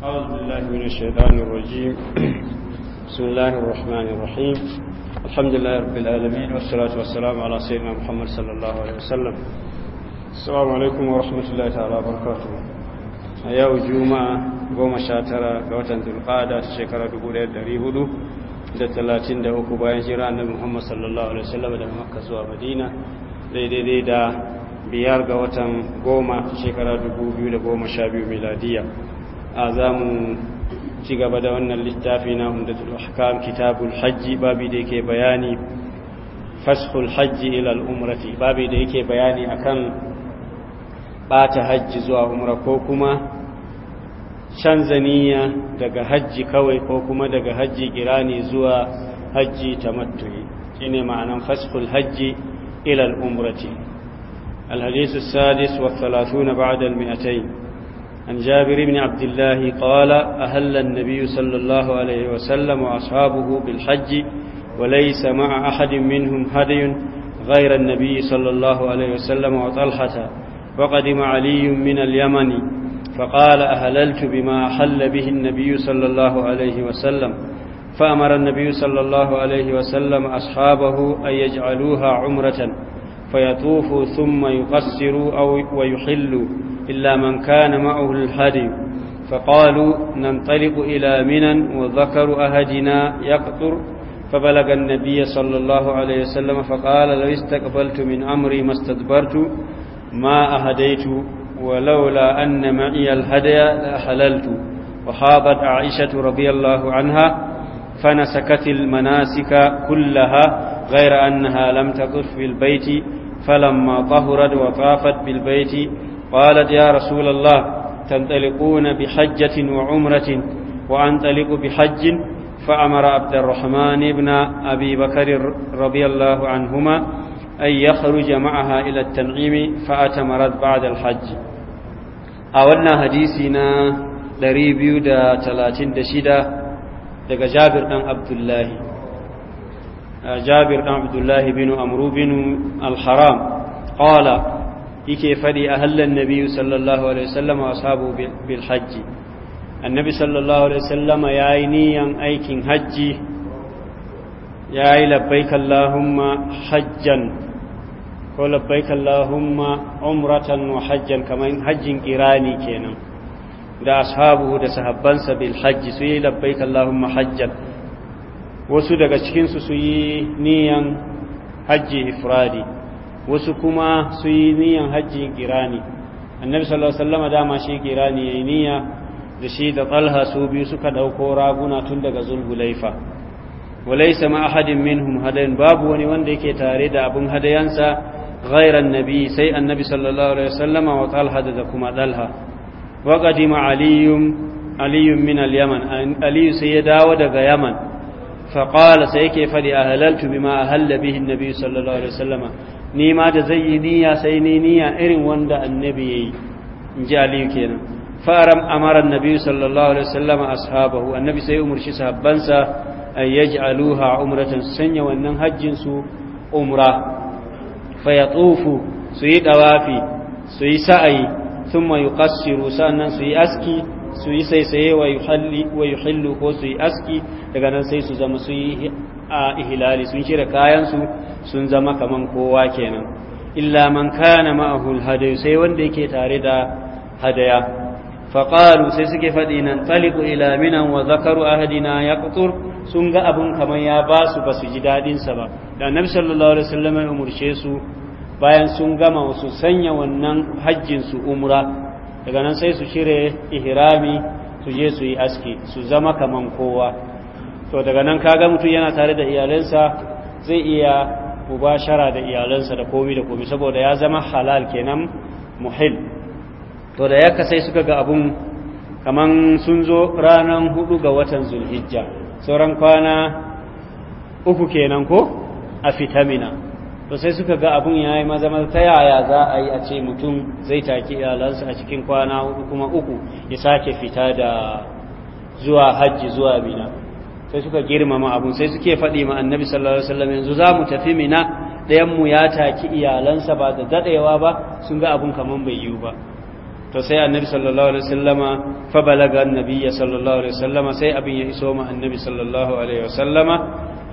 أعوذ بالله من الشيطان الرجيم بسم الله الرحمن الرحيم الحمد لله رب العالمين والصلاة والسلام على سيدنا محمد صلى الله عليه وسلم السلام عليكم ورحمة الله تعالى وبركاته yau juma'a goma sha tara da hudu da bayan jira annabi muhammad zuwa madina daidai da biyar ga watan goma a za mu ci gaba da wannan littafi na umdatul ahkam kitabul hajji babi da yake bayani fashul hajji ilal umrati babi da yake bayani akan bata hajji zuwa umra ko kuma canza niyya daga hajji kawai ko kuma daga hajji girani zuwa hajji tamattu'i shine ma'anan fashul hajji ilal umrati الحديث السادس والثلاثون بعد المئتين عن جابر بن عبد الله قال أهل النبي صلى الله عليه وسلم وأصحابه بالحج وليس مع أحد منهم هدي غير النبي صلى الله عليه وسلم وطلحة وقدم علي من اليمن فقال أهللت بما أحل به النبي صلى الله عليه وسلم فأمر النبي صلى الله عليه وسلم أصحابه أن يجعلوها عمرة فيطوفوا ثم يقصروا أو ويحلوا إلا من كان معه الهدي فقالوا ننطلق إلى منا وذكر أهدنا يقطر فبلغ النبي صلى الله عليه وسلم فقال لو استقبلت من أمري ما استدبرت ما أهديت ولولا أن معي الهدي لأحللت وحاضت عائشة رضي الله عنها فنسكت المناسك كلها غير أنها لم تطف بالبيت فلما طهرت وطافت بالبيت قالت يا رسول الله تنطلقون بحجة وعمرة وأنطلق بحج فأمر عبد الرحمن بن أبي بكر رضي الله عنهما أن يخرج معها إلى التنعيم فأتمرت بعد الحج أولنا حديثنا دريبيو دا تلاتين دشيدة daga jabir ɗan abdullahi jabir ɗan abdullahi binu amru binu alharam ƙala yake faɗi a hallan nabi sallallahu alaihi wasallama sabu bil hajji annabi sallallahu alaihi wasallama yayi niyan aikin hajji yayi labbaik allahumma hajjan ko labbaik allahumma umratan wa hajjan kaman hajjin kirani kenan da ashabu da sahabbansa bil hajji su yi labbaik allahumma hajjan wasu daga cikin su su yi niyan hajji ifradi wasu kuma su yi niyan hajji kirani annabi sallallahu alaihi wasallam dama shi kirani yayi niyya da shi da talha su biyu suka dauko raguna tun daga zulhulaifa walaysa ma ahadin minhum hadayin babu wani wanda yake tare da abun hadayansa ghairan nabi sai annabi sallallahu alaihi wasallam wa talha da kuma talha wa qadima aliyum aliyum min al-yaman aliyu sai ya dawo daga yaman فقال سيكي فلي أهللت بما أهل به النبي صلى الله عليه وسلم ni ma da zai yi niyya sai ni niyya irin wanda annabi yayi in ji aliyu kenan faram amaran nabi sallallahu alaihi wasallam ashabahu annabi sai umurshi sahabbansa an yaj'aluha umratan sanya wannan hajjin su umra fayatufu su yi dawafi su yi sa'ayi thumma yuqassiru sannan su yi aski su yi saisaye wa yuhalli wa yuhillu ko su yi aski daga nan sai su zama su yi a ihlali sun shirya kayan su sun zama kaman kowa kenan illa man kana ma'ahu alhadayu sai wanda yake tare da hadaya faqalu sai suke faɗi nan taliqu ila minan wa zakaru ahadina yaqtur sun ga abun kaman ya ba su ba su ji dadin sa ba da annabi sallallahu alaihi wasallam ya umurce su bayan sun gama su sanya wannan hajjin su umra daga nan sai su shire ihrami su je su yi aski su zama kaman kowa to daga nan kaga mutum yana tare da iyalansa zai iya mubashara da iyalansa da komi da komi saboda ya zama halal kenan muhil to da yaka sai suka ga abun kaman sun zo ranar hudu ga watan zulhijja sauran kwana uku kenan ko a fitamina to sai suka ga abun ya yi maza ta yaya za a yi a ce mutum zai taki iyalansa a cikin kwana hudu kuma uku ya sake fita da zuwa hajji zuwa mina sai suka girmama abun sai suke faɗi ma annabi sallallahu alaihi wasallam yanzu za mu tafi mina ɗayan ya taki iyalansa ba da daɗewa ba sun ga abun kaman bai yiwu ba to sai annabi sallallahu alaihi wasallama fa balaga annabi sallallahu alaihi wasallama sai abin ya iso ma annabi sallallahu alaihi wasallama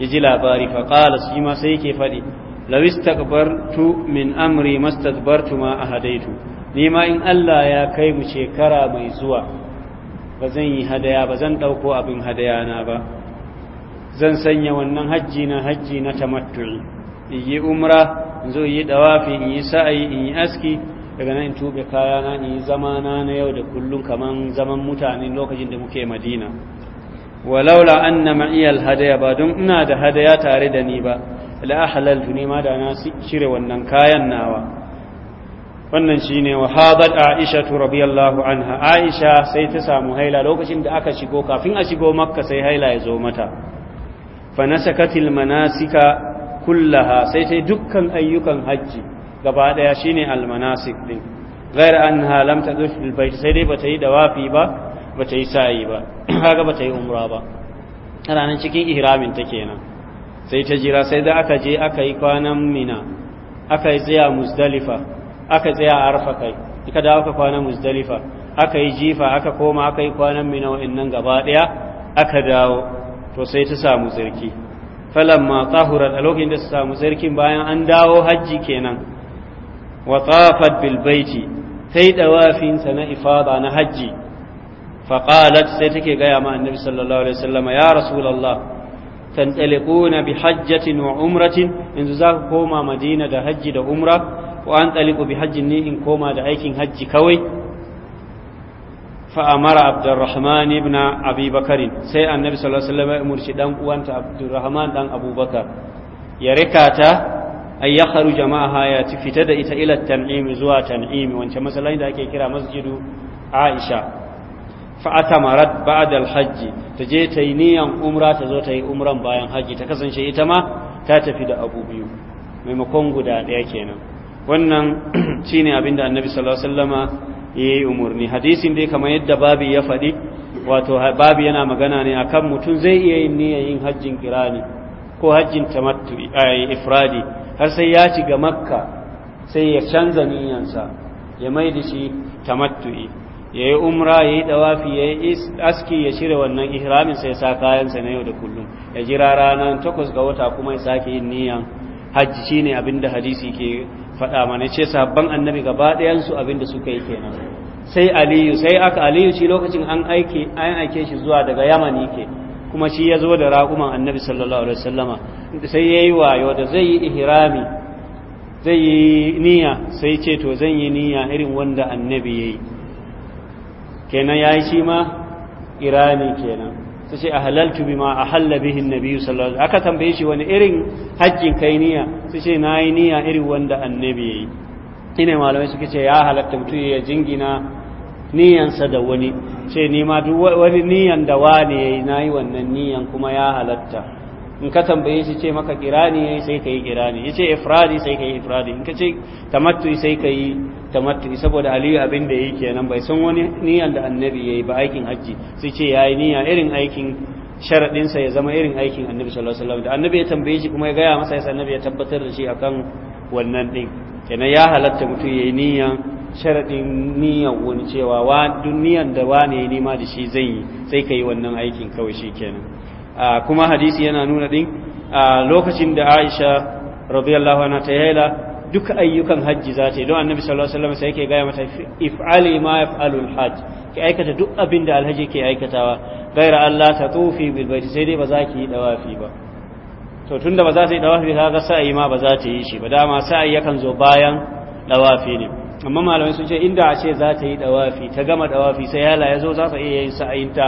ya ji labari fa qala shi ma sai yake faɗi law istakbartu min amri mastadbartu ma ahadaitu ni ma in Allah ya kai mu shekara mai zuwa ba zan yi hadaya ba zan ɗauko abin hadaya na ba zan sanya wannan hajji na hajji na tamattu'i in yi umra in zo yi dawafi in yi sa'ayi in yi aski daga nan in tube kayana in yi zamana na yau da kullum kaman zaman mutane lokacin da muke madina walaula anna ma'iya alhadaya ba don ina da hadaya tare da ni ba la ahlaltu ni ma da na shire wannan kayan nawa wannan shine wa hadat aisha radiyallahu anha aisha sai ta samu haila lokacin da aka shigo kafin a shigo makka sai haila ya zo mata fanasakatil manasika kullaha sai sai dukkan ayyukan hajji gaba daya shine almanasik din غير أنها لم ba, بالبيت سيدي بتي ba با بتي ba با هذا umra ba. با ranar cikin ihramin ta kenan sai ta jira sai da aka je aka yi kwanan mina aka yi tsaya muzdalifa aka tsaya arfa kai aka dawo aka kwana muzdalifa aka yi jifa aka koma aka yi kwanan mina wa'annan gaba daya aka dawo to sai ta samu tsarki falamma tahurat a lokacin da ta samu tsarkin bayan an dawo hajji kenan wa tafat bil Ta yi dawafin na ifada na hajji fa sai take gaya ma annabi sallallahu alaihi wasallam ya rasulullah تنطلقون بحجة وعمرة إن ذاك كوما مدينة حج دا عمرة وأنطلق بحج إن كوما دا أيكين حج كوي فأمر عبد الرحمن ابن أبي بكر سي النبي صلى الله عليه وسلم مرشي دان وانت عبد الرحمن دان أبو بكر يركاتا أن يخرج معها يتفتد إلى التنعيم زوا تنعيم وانت مثلا إذا كي كرا مسجد عائشة فأتمرت بعد الحج تجيتيني أن أمرا تزوتي أمرا بايا حج تكسن شيء تما تاتفد أبو بيو مما كونغو دا ديكينا wannan shine abinda annabi sallallahu alaihi wasallama eh umarni hadisin dai kamar yadda babi ya faɗi wato babi yana magana ne akan mutum zai iya yin niyyar yin hajjin kirani ko hajjin tamattu eh, ifradi har sai ya ci ga makka sai ya canza niyyansa ya mai da shi tamattu ya yi umra ya yi dawafi ya yi aski ya shirya wannan ihramin sai sa kayansa na yau da kullum ya jira ranar takwas ga wata kuma ya sake yin niyan hajji shine abinda hadisi ke faɗa mana ce sabban annabi gaba ɗayansu abinda suka yi kenan sai aliyu sai aka aliyu shi lokacin an aike an aike shi zuwa daga yamani ke kuma shi ya zo da raƙuman annabi sallallahu alaihi wasallama sai ya yi wayo da zai yi ihrami zai yi niyya sai ce to zan yi niyya irin wanda annabi ya yi kenan ya yi shi ma irami kenan ta ce a halaltu bi ma a halla na biyu sallallahu alaihi aka tambaye shi wani irin haƙƙin kai niya ta ce na yi niya irin wanda annabi ya yi ina malamai suka ce ya halatta mutum ya jingina niyansa da wani ce ni ma duk wani niyan da wani ya yi na yi wannan niyyan kuma ya halatta in ka tambaye shi ce maka kirani ya sai ka yi kirani ya ce ifradi sai ka yi ifradi in ka ce tamattu sai ka yi tamattu saboda aliyu abin da yi kenan bai san wani niyan da annabi yayi ba aikin haji sai ce yayi niyya irin aikin sa ya zama irin aikin annabi sallallahu alaihi wasallam da annabi ya tambaye shi kuma ya gaya masa sai annabi ya tabbatar da shi akan wannan din kenan ya halatta mutum yayi niyya sharadin niyan wani cewa wa duniyan da wani ya nima da shi zan yi sai kai wannan aikin kawai shi kenan kuma hadisi yana nuna din lokacin da Aisha radiyallahu anha ta yi la. duka ayyukan hajji za ta yi don annabi sallallahu alaihi wasallam sai yake gaya mata if'ali ma al hajj ki aikata duk abin da alhaji ke aikatawa gaira Allah ta tufi bil bait sai dai ba za ki yi dawafi ba to tunda ba za ta yi dawafi kaga sa'i ma ba za ta yi shi ba dama sa'i yakan zo bayan dawafi ne amma malamai sun ce inda a ce za ta yi dawafi ta gama dawafi sai hala ya zo za ta iya yin sa'ayinta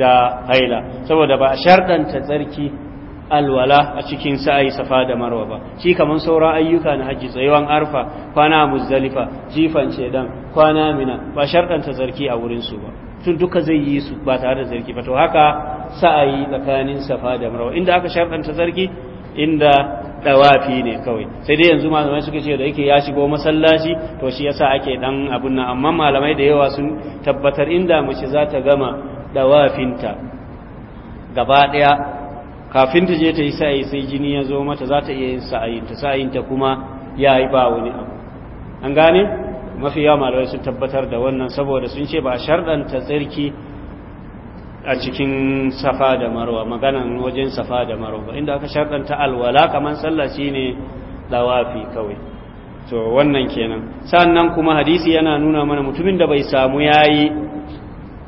da haila saboda ba a shardanta tsarki alwala a cikin sa'ayi safa da marwa ba shi kaman sauran ayyuka na hajji tsayuwan arfa kwana muzdalifa jifan cedan kwana mina ba sharɗanta zarki a wurin su ba tun duka zai yi su ba tare da zarki ba to haka sa'ayi tsakanin safa da marwa inda aka sharɗanta zarki inda dawafi ne kawai sai dai yanzu malamai suka ce da yake ya shigo masallaci to shi yasa ake dan abun nan amma malamai da yawa sun tabbatar inda mace za ta gama dawafinta gaba daya kafin ta je ta yi sa'ayi sai jini ya zo mata za ta iya yin sa'ayi ta sa'ayin ta kuma ya yi ba wani abu an gane mafi yawa malamai sun tabbatar da wannan saboda sun ce ba a sharɗanta tsarki a cikin safa da marwa maganan wajen safa da marwa inda aka sharɗanta alwala kamar sallah shine dawafi kawai to wannan kenan sannan kuma hadisi yana nuna mana mutumin da bai samu yayi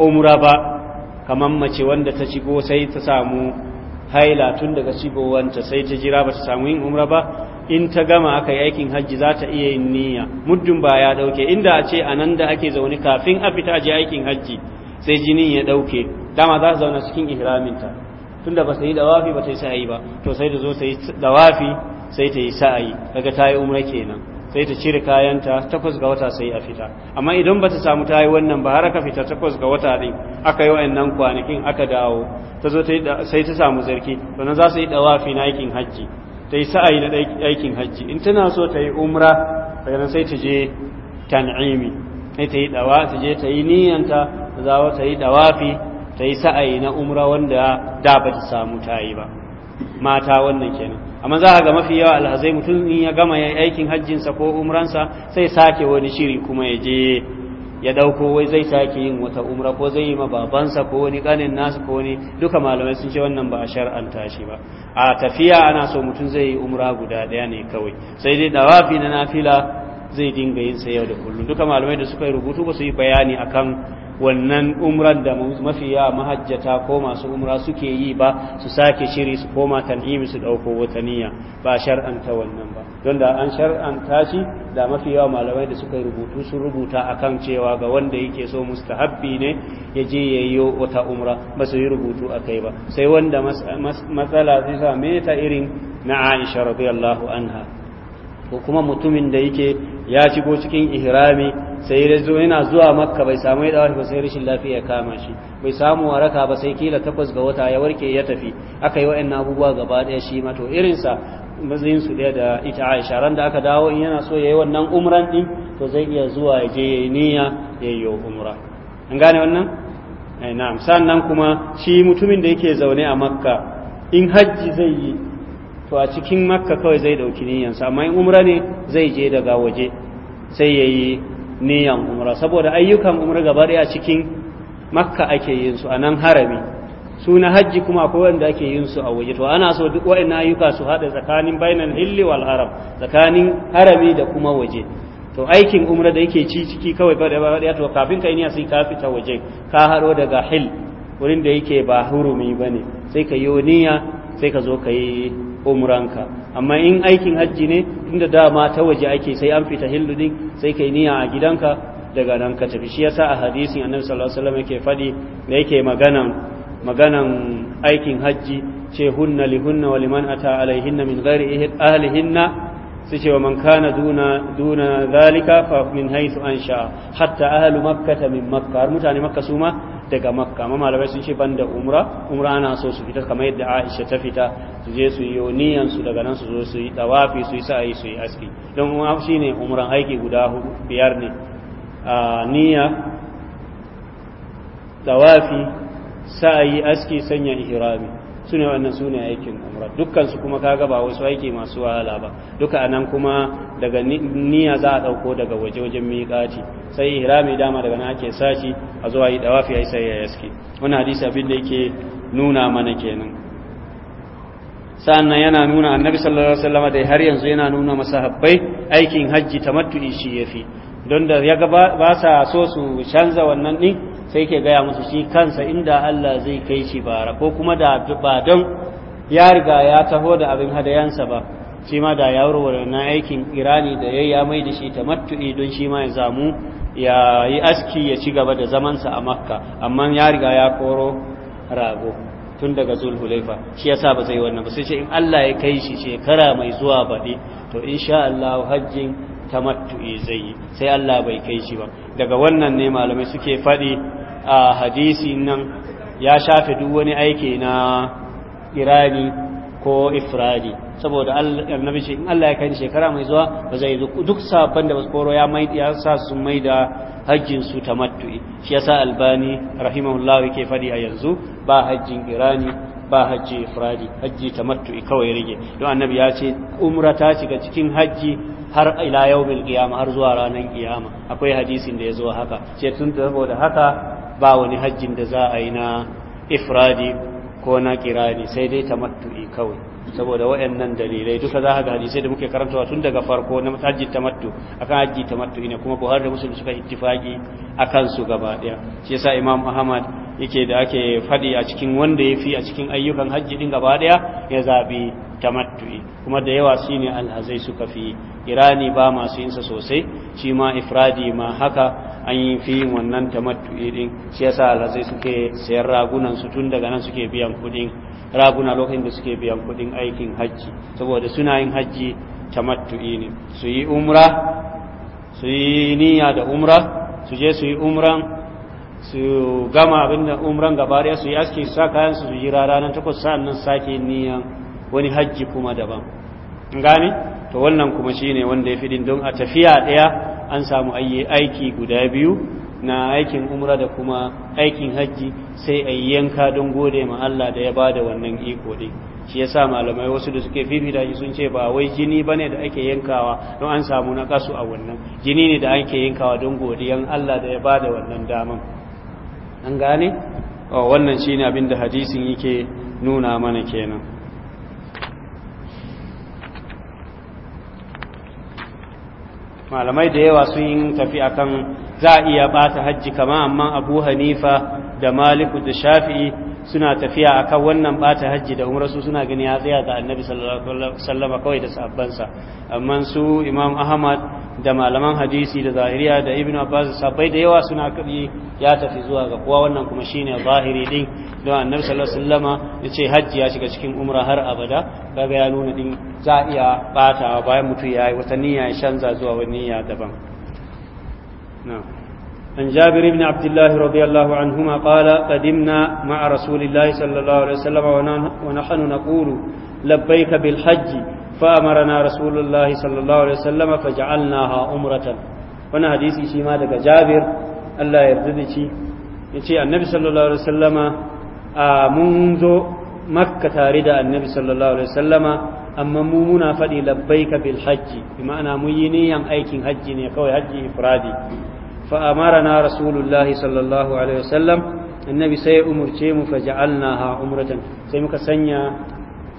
umra ba kamar mace wanda ta shigo sai ta samu haila tun daga wanta sai ta jira ba ta samu yin umra ba in ta gama aka yi aikin hajji za ta iya yin niyya muddin ba ya dauke inda a ce a nan da ake zaune kafin a fita je aikin hajji sai jinin ya dauke dama za ta zauna cikin ihraminta tun da ba ta yi dawafi ba ta yi sa'ayi ba to sai da zo ta yi dawafi sai ta yi sa'ayi kaga ta yi umra kenan sai ta cire kayanta takwas ga wata sai a fita amma idan ba ta samu ta yi wannan ba har aka fita takwas ga wata din aka yi wa'annan kwanakin aka dawo ta zo sai ta samu zarki sannan za su yi dawafi na aikin hajji ta yi sa'ayi na aikin hajji in tana so ta yi umra sannan sai ta je tan'imi sai ta yi dawa ta je ta yi niyyanta za ta yi dawafi ta yi sa'ayi na umra wanda da ba ta samu ta yi ba mata wannan kenan amma za ga mafi yawa alhazai mutum in ya gama ya aikin hajjinsa ko umransa sai sake wani shiri kuma ya je ya dauko wai zai sake yin wata umra ko zai yi ma babansa ko wani kanin nasu ko wani duka malamai sun ce wannan ba a shar'anta shi ba a tafiya ana so mutum zai yi umra guda daya ne kawai sai dai dawafi na nafila zai dinga yin sa yau da kullum duka malamai da suka yi rubutu ba su yi bayani akan wannan umrar da mafi yawa mahajjata ko masu umra suke yi ba su sake shiri su koma tan'imi su ɗauko wataniya ba shar'anta wannan ba don da an shar'anta shi da mafi yawa malamai da suka rubutu sun rubuta akan cewa ga wanda yake so mustahabbi ne ya je ya yi wata umra ba su yi rubutu a kai ba sai wanda matsala zai same ta irin na aisha radiyallahu anha ko kuma mutumin da yake ya shigo cikin ihrami sai ya zo yana zuwa makka bai samu ya dawo ba sai rashin lafiya ya kama shi bai samu waraka ba sai kila takwas ga wata ya warke ya tafi aka yi wa'annan abubuwa gaba ɗaya shi ma to irinsa mazin su daya da ita Aisha ran da aka dawo in yana so yayi wannan umran din to zai iya zuwa ya je yayi niyya yayi umra an gane wannan eh na'am sannan kuma shi mutumin da yake zaune a makka in hajji zai yi to a cikin makka kawai zai dauki niyansa amma in umra ne zai je daga waje sai yayi niyan umra saboda ayyukan umra gaba a cikin makka ake yin su a nan harami su na hajji kuma akwai wanda ake yin su a waje to ana so duk wa'annan ayyuka su haɗa tsakanin bainan hilli wal haram tsakanin harami da kuma waje to aikin umra da yake ci ciki kawai ba da to kafin kai niyya sai ka fita waje ka haro daga hil wurin da yake ba hurumi bane sai ka yi niyya sai ka zo ka yi umranka amma in aikin hajji ne inda dama ta waje ake sai an fita hillu din sai kai niyya a gidanka daga nan ka tafi shi yasa a hadisin annabi sallallahu alaihi wasallam yake fadi da yake maganan maganan aikin hajji ce hunna li hunna wa liman ata alaihinna min ghairi ahlihinna su ce wa man kana duna duna zalika fa min haythu ansha hatta ahlu makkah min makkah mutane makka su ma daga makka amma malamai sun ce ban da umra umra ana so su fita kamar yadda aisha ta fita su je su yi niyan su daga nan su zo su yi tawafi su yi sa'i su yi aski don shi shine umran aiki guda hudu biyar ne a niyya tawafi sa'i aski sanya ihrami su ne wannan su ne aikin umra dukkan su kuma kaga ba wasu aiki masu wahala ba duka anan kuma daga niyya za a dauko daga waje wajen miƙati sai ihrami dama daga nan ake sashi a zuwa yi dawafi ai sai ya yaske wannan hadisi abin da yake nuna mana kenan sannan yana nuna annabi sallallahu alaihi wasallam da har yanzu yana nuna masahabbai aikin hajji tamattu'i shi yafi don da ya ga ba sa so su canza wannan din sai ke gaya musu shi kansa inda Allah zai kai shi bara ko kuma da ba don ya riga ya taho da abin hadayansa ba shi ma da ya warware na aikin irani da ya mai da shi tamattu'i don shi ma ya zamu ya yi aski ya ci gaba da zamansa a makka amma ya riga ya koro rago tun daga zulhulaifa shi yasa ba zai wannan ba sai ce in Allah ya kai shi shekara mai zuwa baɗi to insha Allah hajjin tamattu'i zai yi sai Allah bai kai shi ba daga wannan ne malamai suke faɗi a hadisi nan ya shafe duk wani aiki na irani ko ifradi saboda annabi shi in Allah ya kai shekara mai zuwa ba zai duk sabon da baskoro ya mai ya sa su mai da hajjin su tamattu'i shi yasa albani rahimahullahu yake fadi a yanzu ba hajjin irani ba hajji ifradi hajji tamattu'i kawai rige don annabi ya ce umra ta shiga cikin hajji har ila yaumil qiyama har zuwa ranar qiyama akwai hadisin da ya zo haka ce tun saboda haka ba wani hajjin da za a yi na ifradi ko na kirani sai dai ta matu'i kawai saboda waɗannan dalilai duka za a ga hadisai da muke karantawa tun daga farko na hajji a kan hajji ta matu ne kuma Buhari da musulun suka ittifaki kan su gaba ɗaya shi yasa Imam Ahmad yake da ake faɗi a cikin wanda ya fi a cikin ayyukan hajji din gaba ɗaya ya ta matu'i kuma da yawa ne alhazai suka fi kirani ba masu yinsa sosai shi ma ifradi ma haka an yi fi wannan tamattu din shi yasa alazai suke sayar ragunan su tun daga nan suke biyan kudin raguna lokacin da suke biyan kudin aikin hajji saboda suna yin hajji tamattu ne su yi umra su yi niyya da umra su je su yi umran su gama abin da umran gaba daya su yi aski sa kayan su yi rana takwas sa'an nan sake niyan wani hajji kuma daban gani to wannan kuma shine wanda ya fi din don a tafiya ɗaya an samu aiki guda biyu na aikin umra da kuma aikin hajji sai a yanka don gode ma Allah da ya bada wannan iko din shi yasa malamai wasu da suke fifita shi sun ce ba wai jini bane da ake yankawa don an samu na kasu a wannan jini ne da ake yankawa don godiyan Allah da ya bada wannan daman an gane oh, wannan shine abin da hadisin yake nuna mana kenan malamai da yawa sun yi tafi akan za a iya bata hajji kama amma abu hanifa da maliku da shafi'i suna tafiya akan wannan bata hajji da umarsu suna gani ya tsaya da annabi sallallahu alaihi wasallam kawai da sabbansa amma su imam ahmad da malaman hadisi da zahiriya da ibn abbas sabai da yawa suna kabi ya tafi zuwa ga kowa wannan kuma shine zahiri din don annabi sallallahu alaihi ya ce hajji ya shiga cikin umra har abada kaga ya nuna din za a iya batawa bayan mutum yayi wata niyya ya canza zuwa wani niyya daban na'am عن جابر بن عبد الله رضي الله عنهما قال قدمنا مع رسول الله صلى الله عليه وسلم ونحن نقول لبيك بالحج فأمرنا رسول الله صلى الله عليه وسلم فجعلناها عمرة وانا حديثي شيما دقى جابر الله يرددشي يتي النبي صلى الله عليه وسلم منذ مكة تارد النبي صلى الله عليه وسلم أما مومنا فلي لبيك بالحج بمعنى ميني أم أيكين حجي كوي حجي إفرادي فأمرنا رسول الله صلى الله عليه وسلم النبي سي أمرتي فجعلناها عمرة سي مكسنيا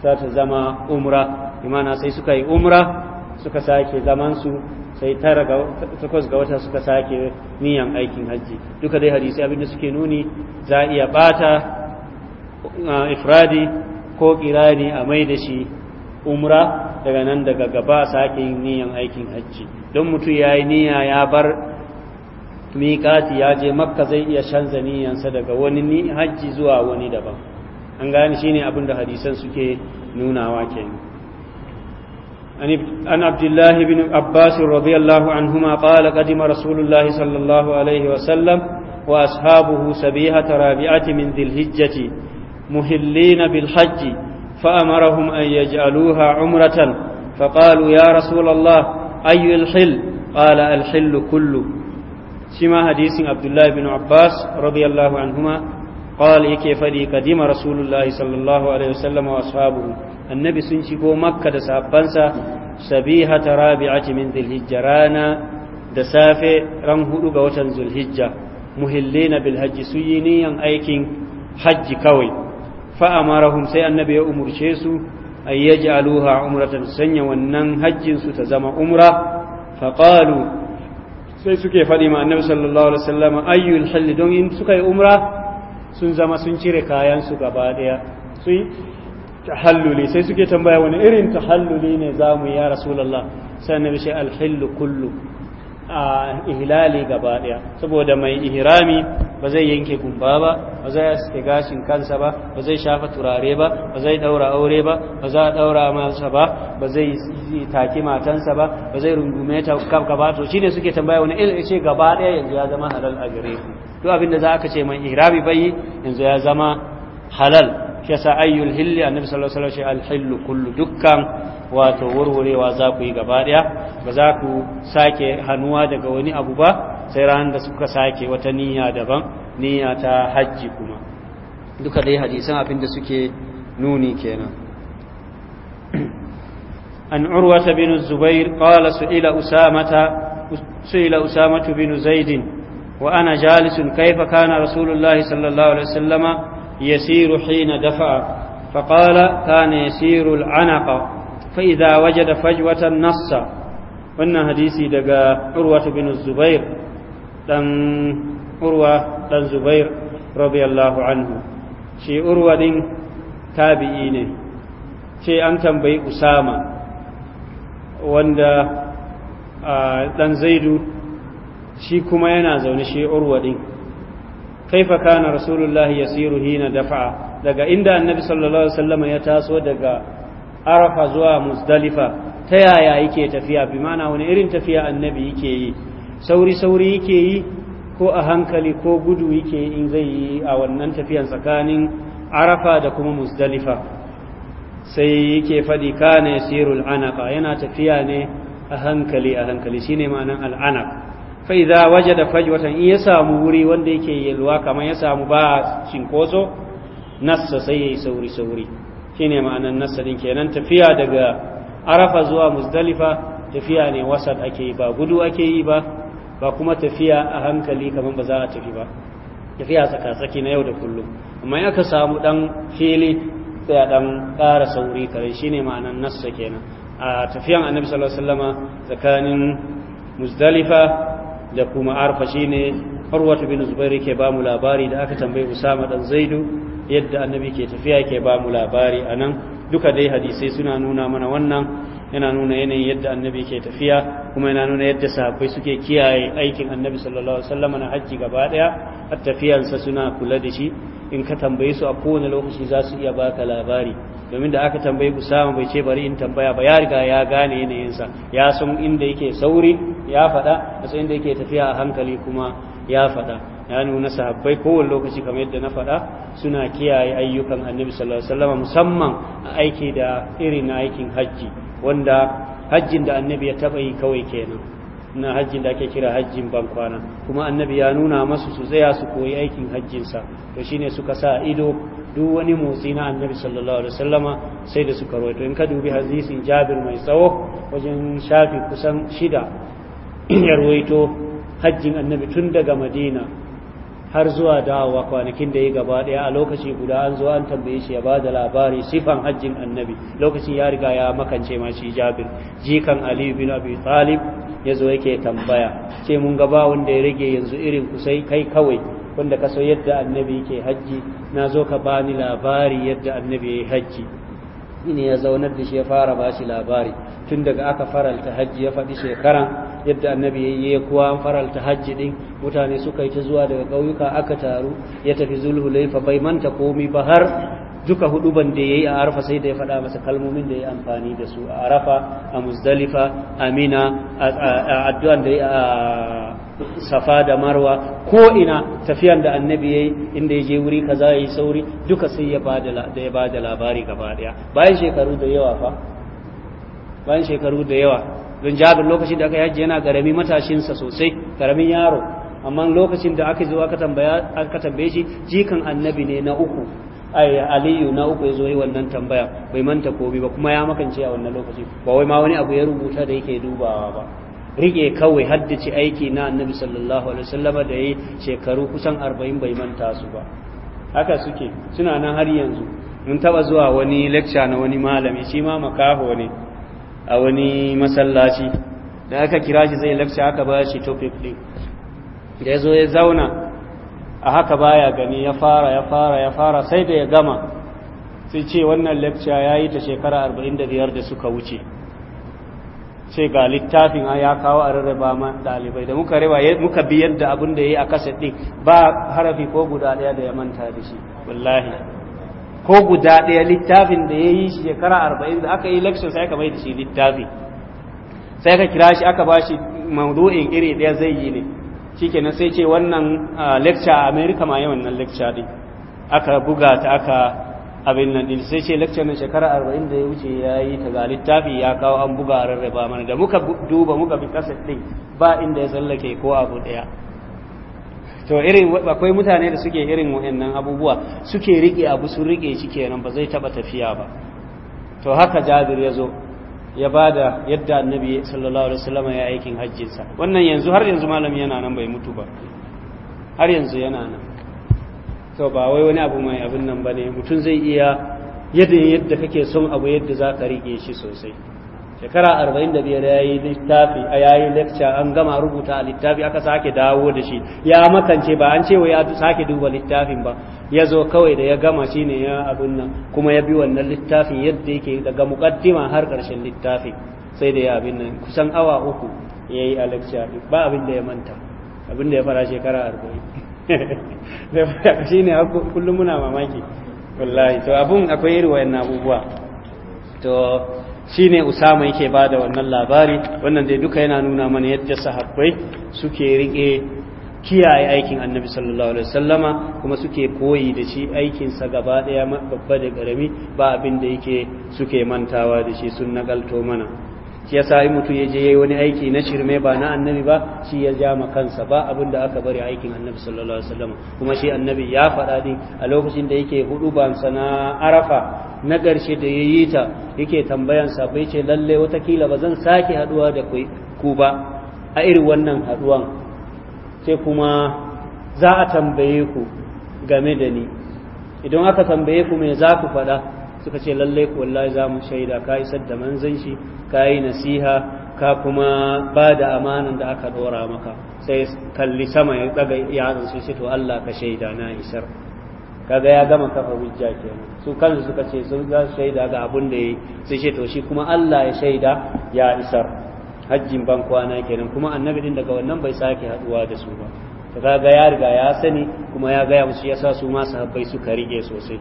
ذات زما عمرة بمعنى سي سكاي عمرة suka sake zamansu sai tara ga takwas ga wata suka sake niyan aikin hajji duka dai hadisi abinda suke nuni za a iya bata ifradi ko kirani a mai da shi umra daga nan daga gaba sake yin niyan aikin hajji don mutum ya yi niyya ya bar mikati ya je makka zai iya canza niyansa daga wani ni hajji zuwa wani daban an gani shine abin da hadisan suke nunawa kenan an abdullah ibn abbas radiyallahu anhuma qala qadima rasulullahi sallallahu alaihi wa sallam wa ashabuhu sabiha tarabi'ati min dhil hijjati muhillina bil hajji fa amarahum an yaj'aluha umratan fa qalu ya rasulullah ayu al hil qala al hil kullu شما حديث عبد الله بن عباس رضي الله عنهما قال يكي فدي قديم رسول الله صلى الله عليه وسلم وأصحابه النبي سنشيكو مكة سابنسا سبيهة رابعة من ذي الهجرانا دسافة رمهد بوتن ذو الهجة مهلين بالهج سينيا أيكين حج كوي فأمرهم سي النبي أمر شيسو أن يجعلوها عمرة سنة ونن هج ستزم عمرة فقالوا sai suke faɗi ma annabi sallallahu alaihi wasallam ayyul halli don in suka yi umra sun zama sun cire kayan su gaba daya sai yi tahalluli sai suke tambaya wani irin tahalluli ne za mu ya rasulullah sai annabi shi alhillu kullu ihlali gaba daya saboda mai ihrami ba zai yanke gumba ba ba zai aske gashin kansa ba ba zai shafa turare ba ba zai daura aure ba ba za daura masa ba ba zai take matansa ba ba zai rungume ta gaba to shine suke tambaya wani ilmi ce gaba daya yanzu ya zama halal a gare ku duk abinda za ka ce mai ihrami bai yanzu ya zama halal shi yasa ayyul hilli annabi sallallahu alaihi wasallam shi al kullu dukkan wato warwarewa za ku yi gaba ɗaya ba za ku sake hannuwa daga wani abu ba sai ran da suka sake wata niyya daban niyya ta hajji kuma duka dai hadisan da suke nuni kenan an urwata bin zubair qala su'ila usamata سئل أسامة بن زيد وأنا جالس كيف كان رسول الله صلى الله عليه وسلم يسير حين دفع فقال كان يسير العنق fa idza wajada fajwatan nassa wannan hadisi daga urwa bin zubair dan urwa dan zubair radiyallahu anhu shi urwa din tabi'i ne ce an tambayi usama wanda dan zaidu shi kuma yana zaune shi urwa din kaifa kana rasulullahi yasiru hina dafa daga inda annabi sallallahu alaihi wasallam ya taso daga arafa zuwa muzdalifa ta yaya yake tafiya bi mana wani irin tafiya annabi yake yi sauri sauri yake yi ko a hankali ko gudu yake in zai yi a wannan tafiyan tsakanin arafa da kuma muzdalifa sai yake faɗi kana yasirul anaka yana tafiya ne a hankali a hankali shine ma'anan al'anak fa idza wajada fajwatan in ya samu wuri wanda yake yalwa kamar ya samu ba cinkoso nassa sai yayi sauri sauri shine ma'anan nasarin kenan tafiya daga arafa zuwa muzdalifa tafiya ne wasat ake yi ba gudu ake yi ba ba kuma tafiya a hankali kamar ba za a tafi ba tafiya tsakatsaki na yau da kullum amma in aka samu dan fili sai a dan ƙara sauri kare shine ma'anan nasa kenan a tafiyan annabi sallallahu alaihi wasallama tsakanin muzdalifa da kuma arfa shine wata bin Zubair ke ba mu labari da aka tambayi Usama dan Zaidu yadda annabi ke tafiya ke ba mu labari a nan duka dai hadisai suna nuna mana wannan yana nuna yanayin yadda annabi ke tafiya kuma yana nuna yadda sahabbai suke kiyaye aikin annabi sallallahu alaihi wasallam na hajji gaba daya a tafiyansa suna kula da shi in ka tambaye su a kowane lokaci za su iya baka labari domin da aka tambaye Usama bai ce bari in tambaya ba ya riga ya gane yanayin sa ya san inda yake sauri ya faɗa da inda yake tafiya a hankali kuma ya faɗa ya nuna sahabbai kowane lokaci kamar yadda na faɗa suna kiyaye ayyukan annabi sallallahu alaihi wasallam musamman a aiki da irin aikin hajji wanda hajjin da annabi ya taɓa yi kawai kenan na hajjin da ake kira hajjin ban kwana kuma annabi ya nuna masu su tsaya su koyi aikin hajjinsa to shine suka sa ido duk wani motsi na annabi sallallahu alaihi wasallama sai da suka rawaito in ka dubi hadisin jabir mai tsawo wajen shafi kusan shida ya rawaito hajjin annabi tun daga madina har zuwa dawowa kwanakin da ya gaba daya a lokaci guda an zo an tambaye shi ya ba da labari sifan hajjin annabi lokacin ya riga ya makance ma shi jabir jikan ali bin abi talib ya zo yake tambaya ce mun gaba wanda ya rage yanzu irin kusai kai kawai wanda ka so yadda annabi yake hajji na zo ka bani labari yadda annabi ya yi hajji ya zaunar da shi ya fara ba shi labari tun daga aka faralta hajji ya faɗi shekaran yadda annabi ya yi kuwa an faralta hajji ɗin mutane suka yi ta zuwa daga ƙauyuka aka taru ya tafi zulhulaifa bai manta komi ba har duka ban da ya yi a arfa sai da ya faɗa masa kalmomin da ya amfani da su a arafa a muzdalifa a mina a addu'an da ya a safa da marwa ko ina tafiyan da annabi ya yi inda ya je wuri kaza ya yi sauri duka sai ya ba da labari gaba ɗaya bayan shekaru da yawa fa bayan shekaru da yawa don jabin lokacin da aka yaji yana garami matashinsa sosai garamin yaro amma lokacin da aka zo aka tambaye shi jikan annabi ne na uku ai aliyu na uku ya zo yi wannan tambaya bai manta komai ba kuma ya makance a wannan lokaci ba wai ma wani abu ya rubuta da yake dubawa ba rike kawai haddace aiki na annabi sallallahu alaihi wasallam da yayi shekaru kusan 40 bai manta su ba haka suke suna nan har yanzu mun taba zuwa wani lecture na wani malami shi ma makaho ne a wani masallaci da aka kira shi zai lakci aka ba shi topic din da ya zo ya zauna a haka baya gani ya fara ya fara ya fara sai da ya gama sai ce wannan lecture ya yi ta shekara 45 da suka wuce ce ga littafin ya kawo a rarraba ma dalibai da muka rewa muka bi yadda abin da ya yi a kasa ɗin ba harafi ko guda ɗaya da ya manta da shi wallahi ko guda ɗaya littafin da ya yi shekara arba'in da aka yi lakshin sai ka mai da shi littafi sai ka kira shi aka ba shi maudu'in iri daya zai yi ne na sai ce wannan lecture a america ma yawan nan lecture ɗin aka buga ta aka abin nan ɗin sai ce lecture na shekara arba'in da ya wuce ya yi ta ga littafi ya kawo an buga a rarraba mana da muka duba muka bi kasa ɗin ba inda ya tsallake ko abu ɗaya to irin akwai mutane da suke irin wa'annan abubuwa suke rike abu sun rike shi kenan ba zai taba tafiya ba to haka jabir ya zo ya bada yadda annabi sallallahu alaihi wasallam ya aikin hajjinsa wannan yanzu har yanzu malami yana nan bai mutu ba har yanzu yana nan to ba wai wani abu mai abin nan bane mutum zai iya yadda yadda kake son abu yadda zaka rike shi sosai shekara arba'in da biyar ya yi littafi a yayi lecture an gama rubuta a littafi aka sake dawo da shi ya makance ba an cewa ya sake duba littafin ba ya zo kawai da ya gama shi ne ya abin nan kuma ya bi wannan littafin yadda yake daga mukaddima har ƙarshen littafin sai da ya abin nan kusan awa uku ya yi a lecture ba abin da ya manta abin da ya fara shekara arba'in shi ne kullum muna mamaki wallahi to abun akwai irin wayan abubuwa to Shi ne usama yake da wannan labari wannan dai duka yana nuna mana yadda sahabbai suke rike kiyaye aikin annabi sallallahu alaihi wasallama kuma suke koyi da shi aikinsa gaba ɗaya babba da karami ba abin da yake suke mantawa da shi sun nagalto mana shi yasa in mutum ya je yayi wani aiki na shirme ba na annabi ba shi ya ja ma kansa ba abin da aka bari aikin annabi sallallahu alaihi wasallam kuma shi annabi ya faɗa din a lokacin da yake hudu bansa na arafa na ƙarshe da ya yi ta yake tambayan sa bai ce lalle watakila ba zan sake haɗuwa da ku ba a irin wannan haduwan sai kuma za a tambaye ku game da ni idan aka tambaye ku me za ku faɗa suka ce lallai ku wallahi za mu shaida ka isar da manzanci ka yi nasiha ka kuma ba da amanan da aka dora maka sai kalli sama ya daga yatsun su ce to Allah ka shaida na isar kaga ya gama kafa hujja kenan su kansu suka ce sun za su shaida ga abun da yayi sai ce to shi kuma Allah ya shaida ya isar hajjin ban kwana kenan kuma annabi din daga wannan bai sake haduwa da su ba kaga ya riga ya sani kuma ya gaya musu yasa su ma sahabbai suka rike sosai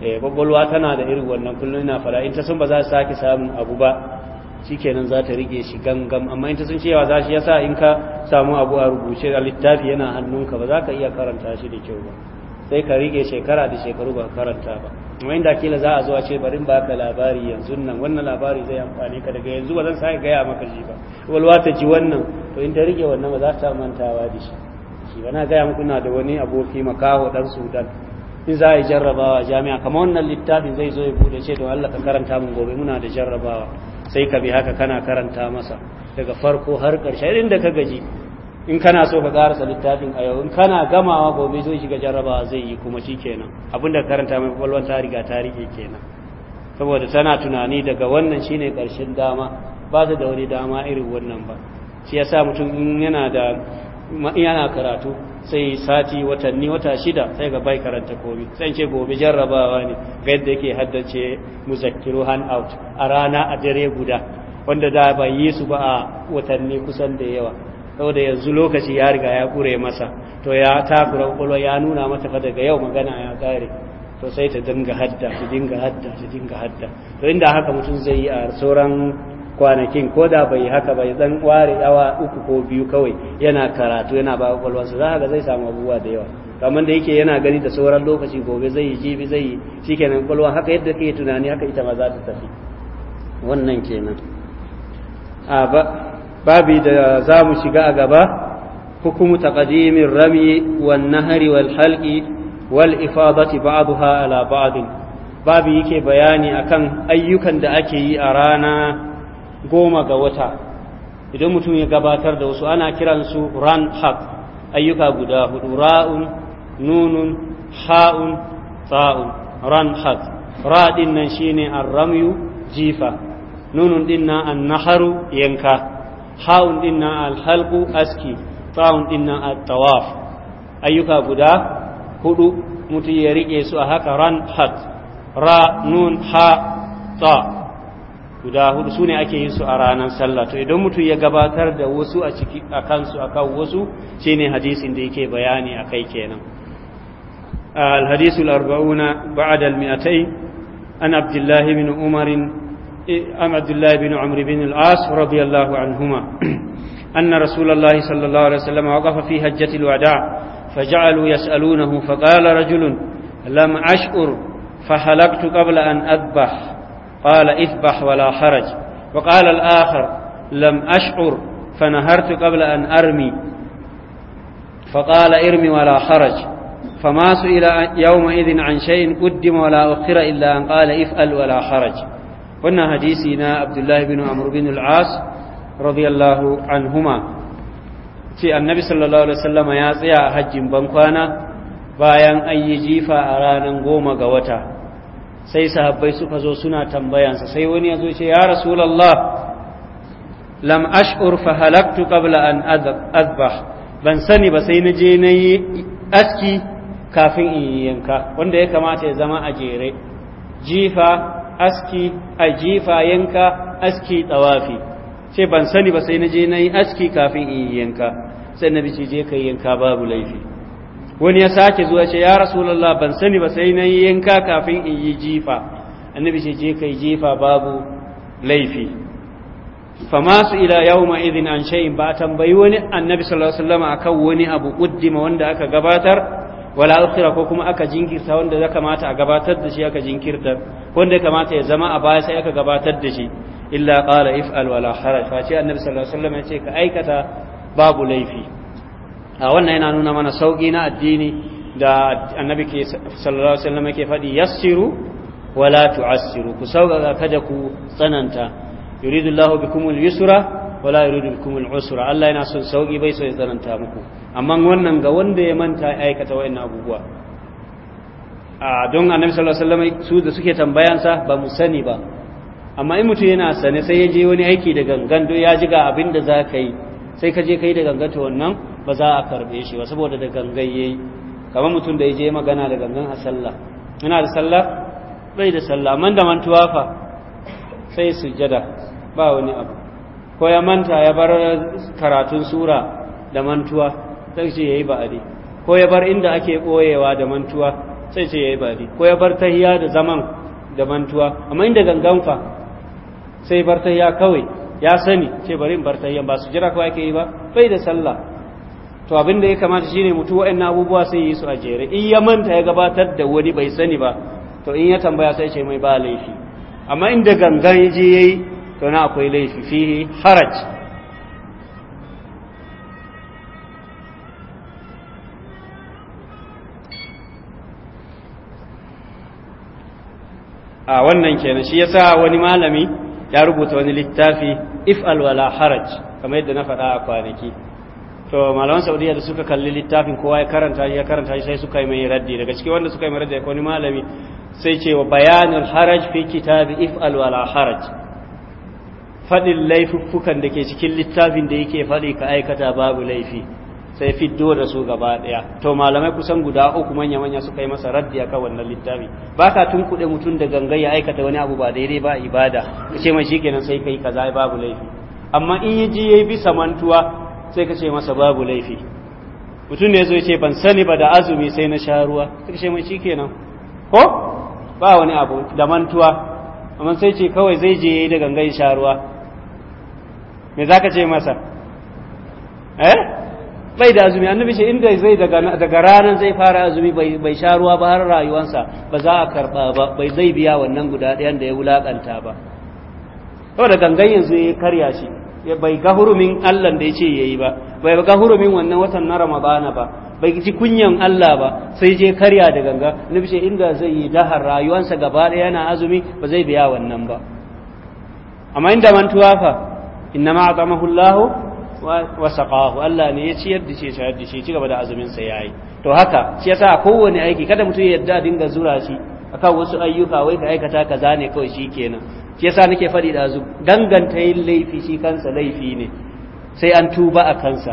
Eh, kwakwalwa tana da irin wannan kullum ina fara in ta sun ba za su sake samun abu ba shi kenan za ta rike shi gangan, amma in ta sun cewa za shi yasa in ka samu abu a rubuce a littafi yana hannunka ba za ka iya karanta shi da kyau ba sai ka rike shekara da shekaru ba karanta ba amma inda kila za a zo a ce bari ba ka labari yanzu nan wannan labari zai amfani ka daga yanzu ba zan sake gaya maka shi ba walwa ta ji wannan to in ta rike wannan ba za ta mantawa da shi shi ba na gaya muku na da wani aboki makaho dan sudan in za a yi jarrabawa jami'a kama wannan littafin zai zo ya bude ce don Allah ka karanta mun gobe muna da jarrabawa sai ka bi haka kana karanta masa daga farko har ƙarshe irin da ka gaji in kana so ka karasa littafin a yau in kana gamawa gobe zai shiga jarrabawa zai yi kuma shi kenan abinda karanta mai kwakwalwar ta riga ta rike kenan saboda tana tunani daga wannan shine ƙarshen dama ba ta da wani dama irin wannan ba shi yasa mutum in yana da yana karatu sai sati watanni wata shida sai ga bai karanta komai sai ce gobe jarrabawa ne ga yadda yake haddace muzakkiru hand out a rana a dare guda wanda da bai yi su ba a watanni kusan da yawa saboda yanzu lokaci ya riga ya kure masa to ya takura kwalwa ya nuna mata fa daga yau magana ya kare to sai ta dinga hadda ta dinga hadda ta dinga hadda to inda haka mutum zai yi a sauran kwanakin ko da bai haka bai dan ware awa uku ko biyu kawai yana karatu yana ba kwakwalwarsa za ga zai samu abubuwa da yawa kamar da yake yana gani da sauran lokaci gobe zai yi jibi zai yi shikenan kwalwa haka yadda kake tunani haka ita ma za ta tafi wannan kenan a babi da za shiga a gaba hukumu taqdimin rami wan nahri wal halqi wal ifadati ba'daha ala ba'd babi yake bayani akan ayyukan da ake yi a rana goma ga wata idan mutum ya gabatar da wasu ana kiransu ran haq ayyuka guda hudu ra'un nunun ha'un ta'un ran haq ra din nan shine arramyu jifa nunun din nan annaharu yanka ha'un din nan alhalqu aski ta'un din nan at-tawaf ayyuka guda hudu mutum ya rike su a haka ran haq ra nun ha ta guda hudu su ne ake yin su a ranar sallah to idan mutum ya gabatar da wasu a ciki a kansu a kan wasu shine hadisin da yake bayani a kai kenan alhadisul arba'una ba'da almi'atai an abdullah ibn umar an Abdullahi bin umar ibn al-as radiyallahu anhuma anna rasulullah sallallahu alaihi wasallam waqafa fi hajjati al-wada' فجعلوا يسألونه rajulun رجل ash'ur أشعر فهلكت قبل أن أذبح قال اذبح ولا حرج وقال الآخر لم أشعر فنهرت قبل أن أرمي فقال ارمي ولا حرج فما سئل يومئذ عن شيء قدم ولا أخر إلا أن قال افعل ولا حرج قلنا حديثنا عبد الله بن عمرو بن العاص رضي الله عنهما ce annabi sallallahu alaihi wasallam ya tsaya a hajjin bankwana bayan an yi jifa a ranar goma ga wata sai sahabbai suka zo suna tambayansa sai wani ya zo ce ya rasulallah lam ash'ur fa halaktu qabla an azbah ban sani ba sai na je na yi aski kafin in yi yanka wanda ya kamata ya zama a jere jifa aski a jifa yanka aski tsawafi ce ban sani ba sai na je na yi aski kafin in yi yanka sai na bici je ka yanka babu laifi wani ya sake zuwa ce ya rasulallah ban sani ba sai na yi yanka kafin in yi jifa annabi ce je kai jifa babu laifi fama su ila yawma idhin an shay'in ba tambayi wani annabi sallallahu alaihi a kan wani abu kuddima wanda aka gabatar wala alkhira ko kuma aka jinkirta wanda ya kamata a gabatar da shi aka jinkirta wanda ya kamata ya zama a baya sai aka gabatar da shi illa qala if'al wala haraj fa ce annabi sallallahu alaihi wasallam ya ce ka aikata babu laifi Ah, wannan yana nuna mana sauki na addini da annabi ke sallallahu alaihi wasallam ke faɗi yassiru wala tu'assiru ku sauƙaƙa kada ku tsananta yuridu Allahu bikumul yusra wala yuridu bikumul usra Allah yana son sauki bai so ya tsananta muku amma wannan ga wanda ya manta aikata wayannan abubuwa a ah, don annabi sallallahu alaihi wasallam su da suke tambayansa ba mu sani ba amma in mutum yana sane sai ya je wani aiki da gangan ya ji ga abin da za ka yi sai ka je ka yi da ganganta wannan ba za a karbe shi ba saboda da gangan ya yi kamar mutum da je magana da gangan a sallah yana da sallah bai da sallah man da mantuwa fa sai su jada. ba wani abu ko ya manta ya bar karatun sura da mantuwa sai ce yayi ba'adi ko ya bar inda ake koyewa da mantuwa sai ce yayi ba'adi ko ya bar tahiya da zaman da mantuwa amma inda gangan fa sai bar tahiya kawai ya sani ce bari in bar tahiya ba su jira kawai ake yi ba bai da sallah to abin da ya kamata shi ne mutu wa'in abubuwa sai yi su a jere in ya manta ya gabatar da wani bai sani ba to in ya tambaya sai ce mai ba laifi amma inda gangan ya je to na akwai laifi fihi haraj a wannan kenan shi yasa wani malami ya rubuta wani littafi if alwala haraj kamar yadda na faɗa a kwanaki to malaman saudiya da suka kalli littafin kowa ya karanta ya karanta sai suka yi mai raddi daga cikin wanda suka yi mai raddi ko wani malami sai ce wa bayanul haraj fi kitabi if'al wala haraj fadin laifuffukan da ke cikin littafin da yake fadi ka aikata babu laifi sai fiddo da su gaba daya to malamai kusan guda uku manya manya suka yi masa raddi akan wannan littafi ba ka kuɗe mutum da gangan ya aikata wani abu ba daidai ba ibada ka ce mai shikenan sai kai kaza babu laifi amma in yi ji yayi bisa mantuwa sai ka ce masa babu laifi mutum ne zo ce ban sani ba da azumi sai na sha ruwa sai ka ce mai shikenan ko ba wani abu da mantuwa amma sai ce kawai zai je da gangan sha ruwa me ka ce masa eh bai da azumi annabi ce inda zai daga ranar zai fara azumi bai bai sha ruwa ba har rayuwarsa ba za a karba ba bai zai biya wannan guda ɗayan da ya wulaƙanta ba to da gangan yanzu ya karya shi bai ga hurumin Allah da ya ce yayi ba bai ga hurumin wannan watan na Ramadana ba bai ji kunyan Allah ba sai je karya da ganga nabi inda zai yi dahar rayuwarsa gaba ɗaya yana azumi ba zai biya wannan ba amma inda mantuwa fa a atamahu Allah wa saqahu Allah ne ya ciyar da shi ya ciyar da shi ci gaba da azumin sa yayi to haka shi yasa kowane aiki kada mutum ya yarda dinga zura shi akan wasu ayyuka wai ka aikata kaza ne kawai shi kenan shi yasa nake faɗi da zu danganta yin laifi shi kansa laifi ne sai an tuba a kansa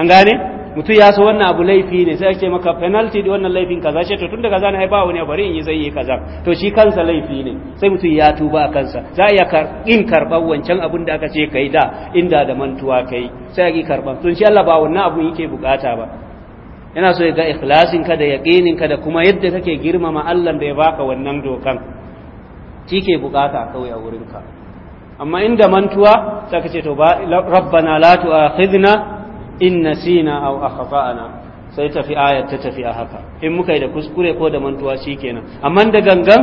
an gane mutum ya so wannan abu laifi ne sai ake maka penalty da wannan laifin kaza shi to tun da kaza ne ai ba wani bari in yi zai yi kaza to shi kansa laifi ne sai mutum ya tuba a kansa za a iya yin wancan abun da aka ce kai da inda da mantuwa kai sai a ki to tun shi Allah ba wannan abu yake bukata ba yana so ya ga ikhlasin ka da yaqinin ka da kuma yadda kake girmama Allah da ya baka wannan dokan cike bukata kawai a wurin ka amma inda mantuwa sai ka ce to rabbana la tu'akhidna in nasina aw akhtana sai tafi ayat ta tafi a haka in muka yi da kuskure ko da mantuwa shikenan amma da gangan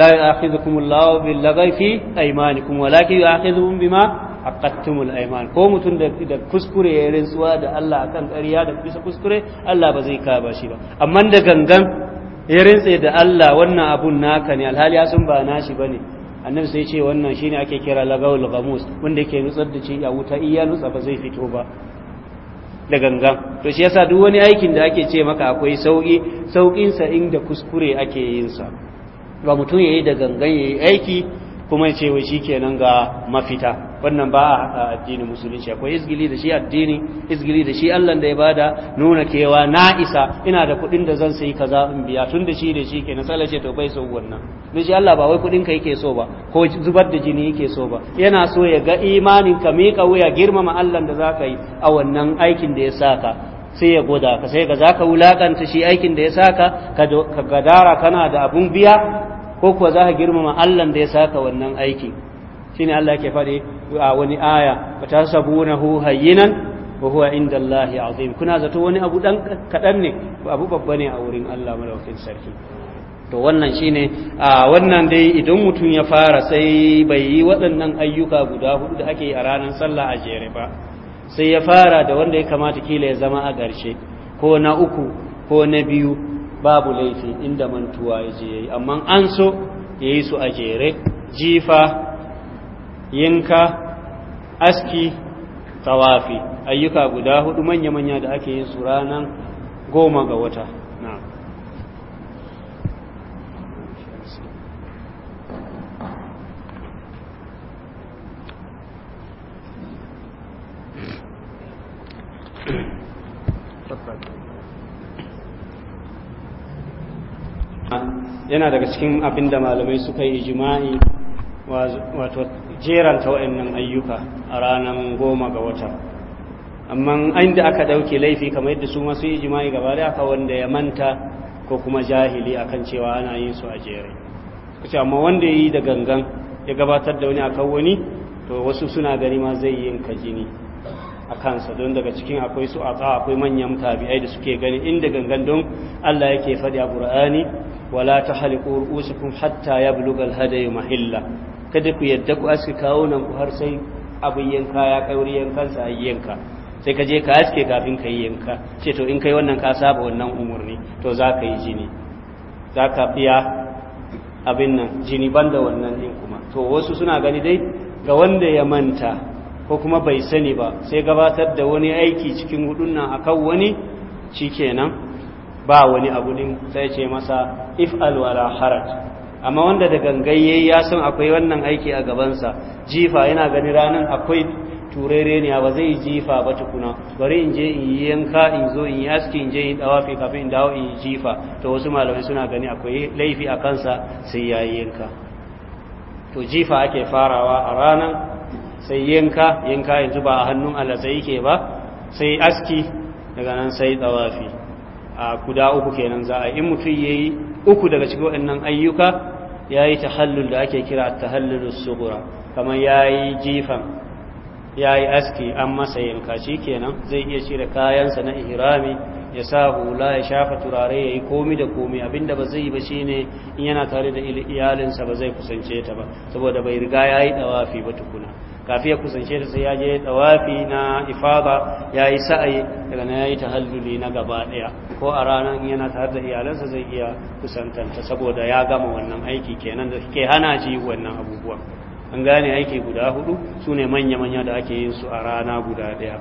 la yu'akhidhukum Allahu bil laghi fi aymanikum walakin yu'akhidhukum bima aqattumul ayman ko mutum da kuskure ya rantsuwa da Allah akan ƙarya da bisa kuskure Allah ba zai kaba shi ba amma da gangan ya rantsa da Allah wannan abun naka ne alhali ya sun ba nashi bane annabi sai ce wannan shine ake kira lagawul ghamus wanda yake nutsar da shi a wuta iya nutsa ba zai fito ba da gangan to shi yasa duk wani aikin da ake ce maka akwai sauki saukin sa inda kuskure ake yin sa ba mutum yayi da gangan yayi aiki kuma ya ce wai shi kenan ga mafita wannan ba a addinin musulunci akwai izgili da shi addini izgili da shi allah da ya bada nuna kewa na isa ina da kuɗin da zan sayi kaza in biya tun da shi da shi kenan sai ce to bai so wannan don shi allah ba wai kuɗin ka yake so ba ko zubar da jini yake so ba yana so ya ga imanin ka miƙa wuya girmama allah da za yi a wannan aikin da ya saka sai ya goda ka sai ga za ka wulaƙanta shi aikin da ya saka ka gadara kana da abun biya ko kuwa za a girmama Allah da ya saka wannan aiki ne Allah ke faɗi a wani aya ba ta hu hayyinan ba huwa inda Allah ya azim kuna zato wani abu ɗan kaɗan ne abu babba ne a wurin Allah malaukin sarki to wannan shi ne, a wannan dai idan mutum ya fara sai bai yi waɗannan ayyuka guda hudu da ake yi a ranar sallah a jere ba sai ya fara da wanda ya kamata kila ya zama a ƙarshe ko na uku ko na biyu babu laifi inda mantuwa ya je yi, amma an so ya yi su a jere jifa yinka aski tawafi ayyuka guda hudu manya-manya da ake yin su ranar goma ga wata yana daga cikin abin da malamai suka yi jima'i wato jeranta wa'annan ayyuka a ranar goma ga wata amma inda aka ɗauke laifi kamar yadda su masu yi jima'i gaba da aka wanda ya manta ko kuma jahili akan cewa ana yin su a jere kace amma wanda ya yi da gangan ya gabatar da wani akan wani to wasu suna gani ma zai yin ka jini a kansa don daga cikin akwai su a akwai manyan tabi'ai da suke gani inda gangan don Allah yake faɗi a Qur'ani wala tahliqu رؤوسكم hatta يبلغ al محله mahilla kada ku yadda ku aske kawo nan ku har sai abin yanka ya kauri yankan sa yanka sai ka je ka aske kafin ka yi yanka ce to in kai wannan ka saba wannan umurni to za ka yi jini za ka biya abin nan jini banda wannan din kuma to wasu suna gani dai ga wanda ya manta ko kuma bai sani ba sai gabatar da wani aiki cikin hudun nan akan wani shikenan ba wani abu ne sai ce masa If wala haraj amma wanda da gangayye ya san akwai wannan aiki a gabansa jifa yana gani ranan akwai turere ne ba zai jifa ba tukuna bari in je in yi yanka in zo in yi aski in je in fi kafin in dawo in yi jifa to wasu malamai suna gani akwai laifi a kansa sai ya yi yanka to jifa ake farawa a ranan sai yanka yanka yanzu ba a hannun alatsa yake ba sai aski daga nan sai dawafi kuda uku kenan za a in mutum ya yi uku daga cikin waɗannan ayyuka ya yi tahallul da ake kira tahallulus sugura kamar ya yi jifan ya yi aski an masa yanka shi kenan zai iya cire kayansa na ihrami ya sa hula ya shafa turare ya yi komi da komi abinda ba zai yi ba shine in yana tare da iyalinsa ba zai kusance ta ba saboda bai riga ya yi dawafi ba tukuna kafi ya kusance da sai ya je tawafi na ifada ya yi sa'ayi daga na ya yi tahalluli na gaba daya ko a ranar yana tare da iyalansa zai iya kusantanta saboda ya gama wannan aiki kenan da ke hana shi wannan abubuwan an gane aiki guda hudu su ne manya-manya da ake yin su a rana guda ɗaya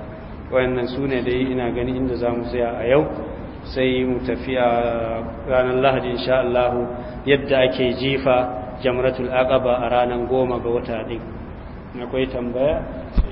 wannan su ne dai ina gani inda za mu tsaya a yau sai mu tafi a ranar lahadi insha Allah yadda ake jifa jamratul aqaba a ranar goma ga wata ɗin kwai tambaya